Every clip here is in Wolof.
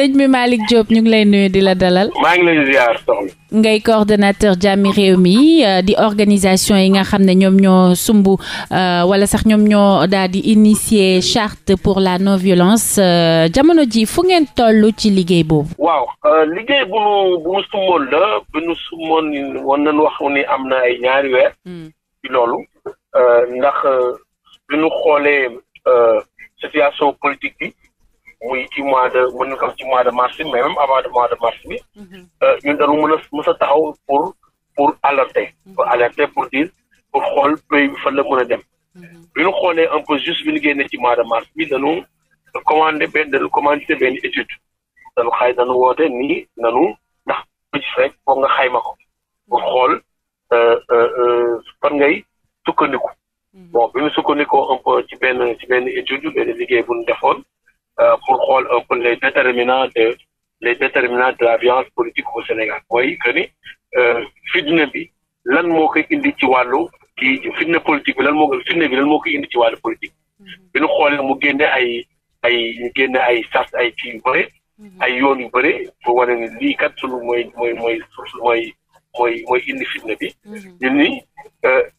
sëñ bi Malick Diop ñu ngi lay nuyu di la dalal. maa ngi lay ziar ngay coordonnateur jàmmi réew mi euh, di organisation yi nga xam ne ñoom ñoo sumb euh, wala sax ñoom ñoo daal di initier charte pour la non violence euh, jamono ji fu ngeen tollu ci liggéey boobu. waaw liggéey bu nu bu la bu nu sumboon woon nañu wax ni am na ay ñaari weer. Hmm. ci loolu ndax bu nu xoolee situation politique bi. muy ci mois de mën na ci mois de mars bi mais même avant de mois de mars bi mhm. euh, ñun dañu mën a mës a taxaw pour pour alerter mhm. pour alerter pour dire pour xool pays bi fan a dem mhm. bi ñu xoolee un peu juste bi ñu génnee ci mois de mars mi dañu commandé benn dañu commandité benn étude dañu xay dañu woote ni nanu ndax gis rek foog nga ma ko pour xool euh, euh, fan ngay sukkandiku bon bi ñu sukkandikoo un peu ci benn ci benn étude benn liggéey bu ñu defoon Euh, pour xool un euh, peu les déterminants de les déterminants de la violence politique au Sénégal mooy que ni euh, fitna bi lan moo koy indi ci wàllu ci fitna politique bi lan moo koy moo koy indi ci wàllu politique mm-hmm. bi xoolee mu génne ay ay ñu génne ay sas ay ci yu bëre mm-hmm. ay yoon yu bëre pour wane ni lii kat sunu mooy mooy mooy mooy mooy mooy indi fitna bi mm-hmm. ñun ni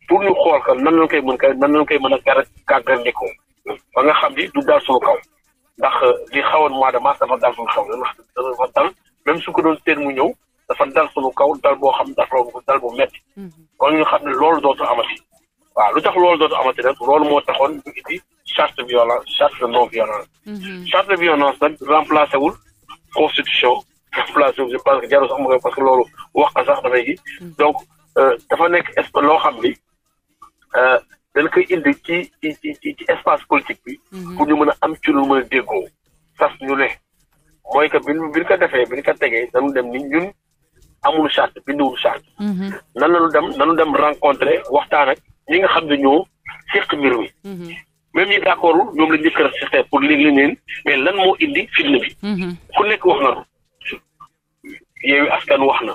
pour ñu xool ka nan lañ koy mën ka nan lañ koy mën a gara gàggal ko ba nga xam ni du daal sunu kaw ndax euh, li xawoon mois de mars dafa dal suñu kaw dafa dal même su ko doon teen mu ñëw dafa dal suñu kaw dal boo xam dafa dal bu metti mhm. kon ñu xam ne loolu dootu amati waaw lu tax loolu dootu amati nag loolu moo taxoon ñu indi charte violence charte de non violence mhm. charte violence nag remplacé wul constitution remplacé wul je pense que jarul sax ma koy parce que loolu wax sax dafay gi mhm. donc euh, dafa loo xam ni euh, dañ koy indi ci ci ci ci espace politique bi. Mhm. pour ñu mën a am ci lu mën a déggoo. sas ñu ne mooy que bi ñu bi ñu ko defee bi ñu ko tegee dañu dem ni ñun amul charte binduwul charte. Mhm. nan la ñu dem nanu dem rencontré waxtaan ak ñi nga xam ne ñoo seq mbir mi. Mhm. même ñi d'accordul ñoom la ñu kër système pour li li leen mais lan moo indi fitna bi. ku nekk wax na yeewi askan wax na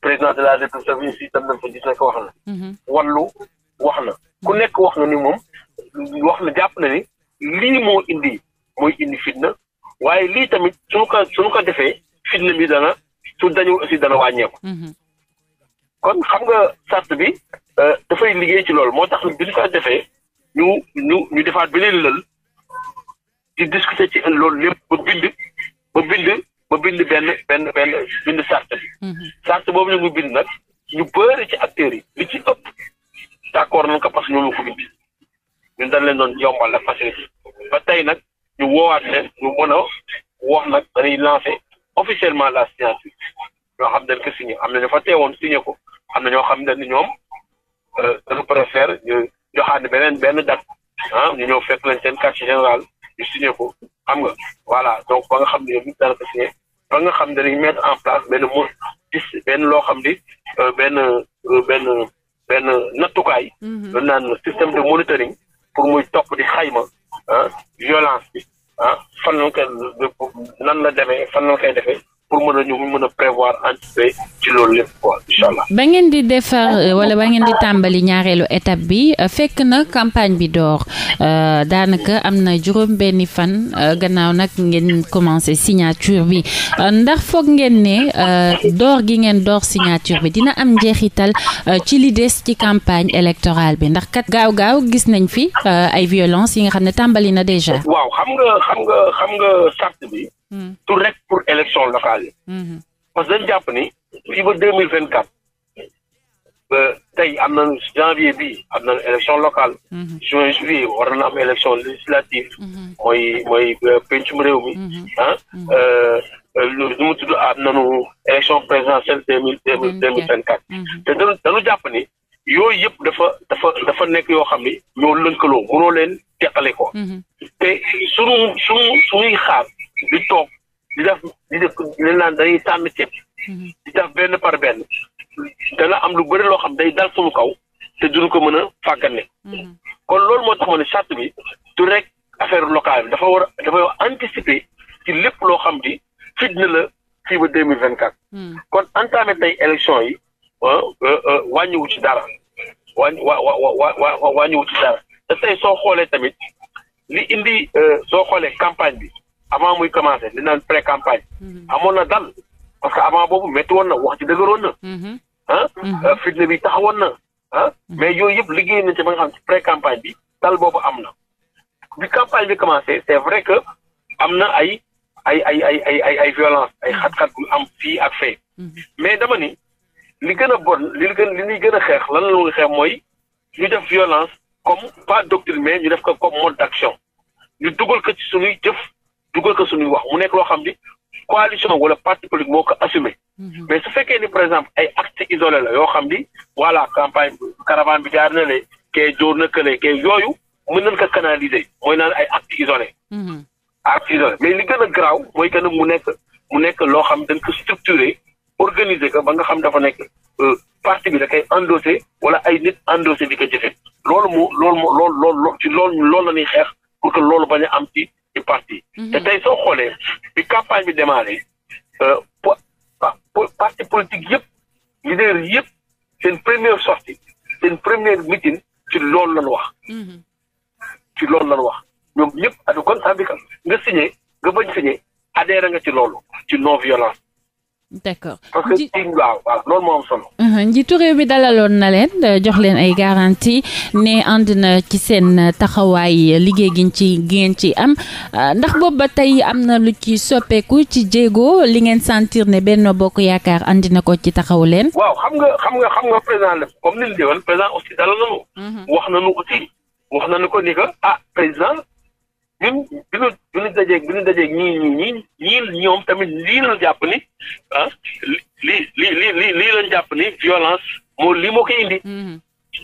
président de la république itam ko wax na. wallu wax na ku nekk wax na ni moom wax na jàpp na ni lii moo indi mooy indi fitna waaye lii tamit suñu ko suñu ko defee fitna bi dana su dañu aussi dana wàññeeku. Mhm. kon xam nga sart bi euh, dafay liggéey ci loolu moo tax bi ñu ko defee ñu ñu ñu defaat beneen lël di discuter ci loolu lépp ba bind ba bind ba bind benn benn benn bind sart bi. Mhm. sart boobu ñu bind nag ñu bëri ci acteurs yi li ci ëpp d' accord nañ ko parce que ñoom dañ leen doon yombal la facilité ba tey nag ñu woowaat leen ñu mën a wax nag dañuy lancer officiellement la signature ñoo xam dañ ko signé am na ñu fa teewoon signé ko am na ñoo xam ne ñoom euh, dañu préfère ñu joxaat beneen benn date ah ñu ñoo fekk nañ seen quartier général ñu signé ko xam nga voilà donc ba nga xam ne yow nit ba nga xam ne dañuy en place benn mo benn loo xam di euh, benn euh, benn. benn nattukaay. lu mhm. naan système de monitoring pour muy topp di xayma ah violence bi ah fan la ñu koy nan la demee fan la ñu defee. pour mën a ñu prévoir anticiper ba ngeen di defar wala ba ngeen di tàmbali ñaareelu étape bi euh, fekk na campagne bi door euh, daanaka am na juróom benni fan euh, gannaaw nag ngeen commencé signature bi ndax foog ngeen ne door gi ngeen door signature bi dina am njeexital ci li des ci campagne électorale bi ndax kat gaaw gaaw gis nañ fi ay violence yi nga xam ne tàmbali na déjà. waaw xam nga xam nga xam bi. Mm-hmm. tout rek pour élection locale yi mm-hmm. parce que dañ jàpp ni fii ba deux mille vingt quatre tey am nañu janvier bi am nañu élection locale mm-hmm. juin juillet war nañu am élection législative mooy mooy euh, pencum réew mi ah lu euh, euh, mu élection présidentielle deux mille deux mille vingt quatre te dañu jàpp ni yooyu yëpp dafa dafa dafa nekk yoo xam ñoo lënkaloo mënoo leen teqale ko te sunu sunu suñuy xaar di toog di def di def li naan dañuy sànni ceeb mhm. di def benn par benn dana am lu bëri loo xam day dal suñu kaw te duñu ko mën a fàggane mhm. kon loolu moo tax ma ne charte bi du rek affaire locale bi dafa war dafa anticiper ci lépp loo xam di fitna la fii ba deux mille vingt quatre mhm. kon entamé tey élection yi ah, euh, euh, wàññiwu ci dara wàññi wa wa wàññiwu ci dara te tey soo xoolee tamit li indi euh, soo xoolee campagne bi avant muy commencé li naan pré campagne. Mhm. amoon na dal parce que avant boobu métti woon na wax ci dëgëroon na. ah fitna bi taxawoon na mais yooyu yëpp liggéey nañ ci ba nga xam ci pré campagne bi dal boobu am na bi campagne bi commencé c'est vrai que am na ay ay ay ay ay ay ay violence ay xat-xat bu am fii ak fee mais dama ni li gën a bon li gën li ñuy gën a xeex lan la nga xeex mooy ñu def violence comme pas doctrine mais ñu def ko comme mode d'action ñu dugal ko ci suñuy jëf. dugal ko suñuy wax mu nekk loo xam ni coalition wala parti politique moo ko assumé. Mhm. mais su fekkee ni par exemple ay actes isolés la yoo xam ni voilà campagne caravane bi jaar na le na kële kee yooyu mën nañ ko canaliser mooy naan ay actes isolés. Mhm. actes isolés mais li gën a garaaw mooy que mu nekk mu nekk loo xam dañ ko structuré organiser ko ba nga xam dafa nekk euh, parti bi da ay endossé wala ay nit endossé di ko jëfe loolu moo loolu moo loolu loolu ci loolu la ñuy xeex pour que loolu am ci. du parti. Mhm. te tey soo xoolee bi campagne bi démarré euh, po parti politique yëpp leader yëpp seen première sortie seen première meeting ci loolu lañu wax. Mhm. ci loolu lañu wax ñoom ñëpp adu kon sàmbi nga signé nga bañ signé adhéré nga ci loolu ci non violence. d'accord parce que ci waaw moo am solo. njiitu réew mi dalaloon na leen jox leen ay garantie ne ànd ci seen taxawaay liggéey gi ci gi ngeen ci am ah, ndax boobu ba tey am na lu ci soppeeku ci jéego li ngeen sentir ne benn Bokk Yaakaar andi ko ci taxaw leen. waaw xam nga xam nga xam nga président la comme ni mu di wax na nu aussi wax na nu ko ni ah président. ñun bi ñu bi ñu dajeeg bi ñu dajeeg ñii ñii ñii ñoom tamit lii lañ jàpp ni ah lii lii lii lii lañ jàpp ni violence moo lii moo koy indi. Mm-hmm.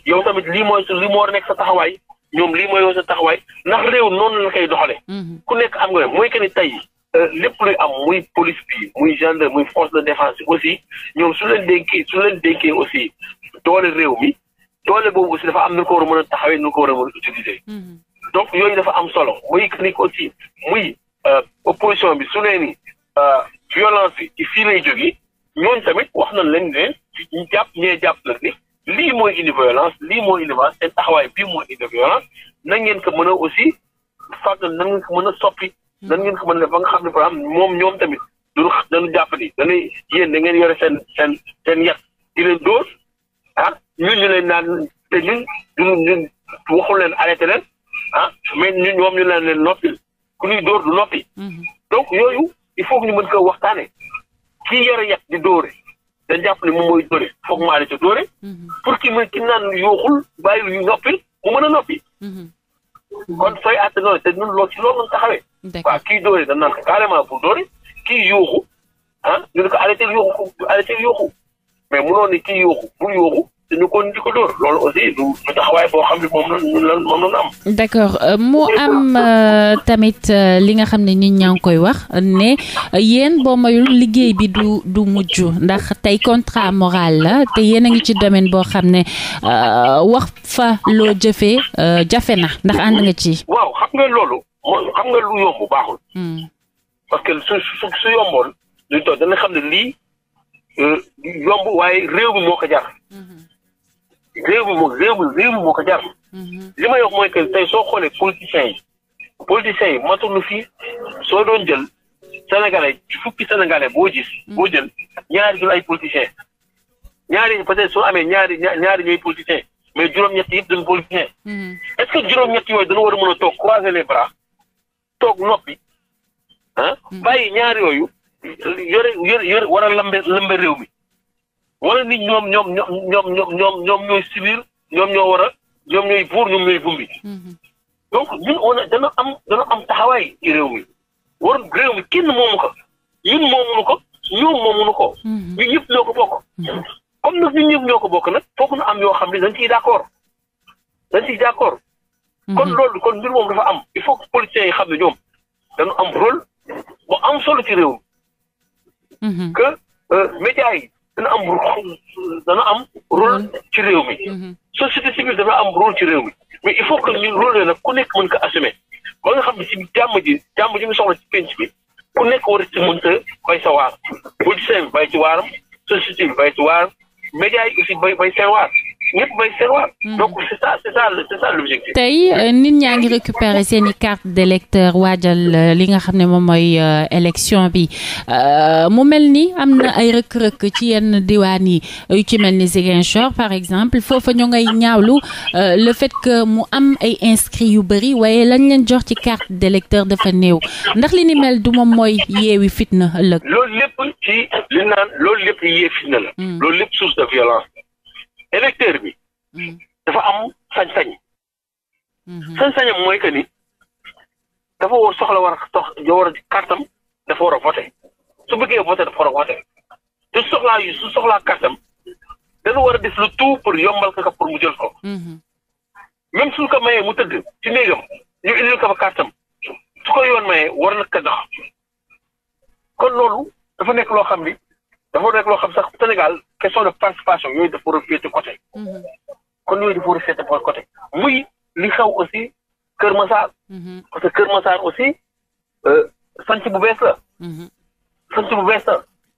yow tamit lii mooy su lii moo nekk sa taxawaay ñoom lii mooy sa taxawaay ndax réew noonu lañ koy doxale mm-hmm. ku nekk am nga mooy que ni tey euh, lépp luy am muy police bi muy gendarme muy force de défense aussi ñoom su leen dénkee su leen dénkee aussi doole réew mi doole boobu aussi dafa am nu ko war a ko war a mën a donc yooyu dafa am solo muy que ni aussi muy euh, opposition bi su nee ni euh, violence bi ci fii lay jógee ñooñu tamit wax nañ leen ne jàpp ñee jàpp la ni lii mooy indi violence lii mooy indi violence seen taxawaay bii mooy indi violence na ngeen ko mën a aussi a na ngeen ko mën a soppi. nan ngeen ko mën a def nga xam ne par exemple moom ñoom tamit duñu dañu jàpp ni dañuy yéen da ngeen yore seen seen seen yat di leen dóor ah ñun ñu leen naan te ñu duñu ñun waxul leen arrêté leen. ah mais ñun ñoom ñu leen leen noppil ku ñuy dóor du noppi. Mhm. donc yooyu il faut que ñu mën ko waxtaanee kii yore yàq di dóore dañ jàpp ne moom mooy dóore foog maa ca dóore. Mhm. pour ki mën ki naan yooxul bàyyi yu noppi mu mën a noppi. Mhm. kon sooy àtte noonu te ñun loo ci loolu lañ taxawee. waaw kii dóore dañ naan ko carrément pour dóore kii yooxu ah ñu ne ko arrêté yooxu arrêté yooxu mais mënoon ni kii yooxu bul yooxu. te ñu kon di ko loolu aussi du taxawaay boo xam ne moom la moom am. d' euh, mu am euh, tamit euh, li nga xam ne nit ñaa ngi koy wax ne yéen boo mayul liggéey bi du du mujj ndax tey contrat moral la te yéen a ngi ci domaine boo xam ne wax fa loo jëfee jafe na ndax ànd nga ci. waaw xam nga loolu. xam nga lu yomb baaxul. Hmm. parce su su yomboon. luñ toog dana xam ne lii yomb waaye réew mi moo ko jar. Hmm. réew mi moom réew mi réew mi moo ko jar. Mhm. li ma wax mooy que tey soo xoolee politiciens yi politiciens yi matuñu fii soo doon jël sénégalais fukki sénégalais boo gis. Mhm. boo jël ñaari jël ay politiciens ñaari peut-être soo amee ñaari ñaari ñooy politiciens mais juróom-ñett yëpp duñu politiciens. Mhm. est-ce que juróom ñetti yooyu dana war a mën a toog croiser les bras toog noppi ah bàyyi ñaari yooyu yore yore yore war a réew mi. wala nit ñoom ñoom ñoom ñoom ñoom ñoom ñoom ñooy subir ñoom ñoo war a ñoom ñooy buur ñoom ñooy mm-hmm. am dana am taxawaay ci réew mi war réew mi kenn moomu ko ñun moomuñu ko ñoom moomuñu ko. Mm-hmm. ñun ñëpp ñoo ko bokk. Mm-hmm. comme nag ñun ñëpp ñoo ko bokk nag foog ñu am yoo xam ne dañ ciy d' accord dañ ciy d' accord. kon loolu kon mbir moom dafa am il faut que politiciens yi xam ne ñoom dañu am rôle bu am solo ci réew mi. que euh, yi. dana am dana am mm-hmm. ci réew mi mm-hmm. société civile dana am rol ci réew mi mais il faut que ñun rôle yooyu nag ku nekk mën ko assumer ba nga xam ne ci jàmm ji jàmm ji mu soxla ci penc bi ku nekk war ci mën ta bay sa waar politicien bi bay ci waaram société bi bay ci waaram média yi aussi bay bay seen waar ñëpp hmm. tey euh, nit ñaa ngi récupérer seeni i carte d' waajal euh, li nga xam ne moom mooy euh, élection bi mu mel ni am na ay rëkk-rëkk ci yenn diwaan yi yu ci mel ni Ziguinchor par exemple foofa ñoo ngay ñaawlu le fait que mu am ay inscrits yu bëri waaye lañ leen jox ci carte d' électeur dafa néew ndax li ni mel du moom mooy yeewi fitna ëllëg. électeur bi hmm. dafa am sañ-sañ hmm. Hmm. sañ-sañam mooy que ni dafa war soxla war a sox war a kartam dafa war a voté su bëggee voté dafa war a voté te su soxlaa su soxlaa kartam dafa war a def lu tout pour yombal ko pour mu jël ko même suñ ko mayee mu tëdd ci néegam ñu indil ko ba kartam su ko yoon mayee war na ko dox kon loolu dafa nekk loo xam ni dafa nekk loo xam sax Sénégal question de participation yooyu dafa war a féete mhm. kon yooyu dafa war a féete côté muy li xew aussi Kër Massar. Mhm. parce que Kër Massar aussi euh, sanc bu bees la. Mhm. sanc bu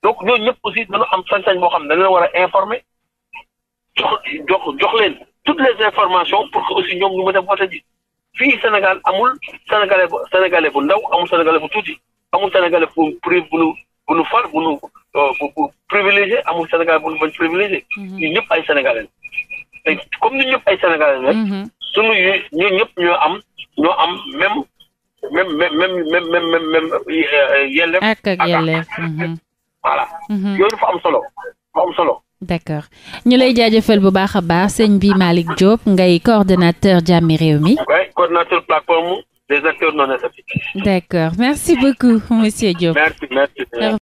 donc ñëpp aussi dañu am sañ-sañ boo xam ne dañu leen war a informer jox jox jox toutes les informations pour que aussi ñoom ñu mën a voté ji fii Sénégal amul sénégalais bu ndaw amul sénégalais bu tuuti amul sénégalais bu prive bu bu nu fal bu nu euh, privilégié amul Sénégal bu nu bañ privilégié. Mhm. ñun ñëpp ay sénégalais te comme ñun ay sénégalais rek. Mhm. sunu yu ñun ñëpp ñoo am ñoo am même même même même même même euh, yelleef. ak ak yelleef. Mhm. yooyu dafa am solo dafa am solo. d'accord ñu lay jaajëfal bu baax a baax sëñ bi Malick Diop ngay coordonnateur Jàmmi Réewmi. oui coordonnateur merci beaucoup monsieur Diop.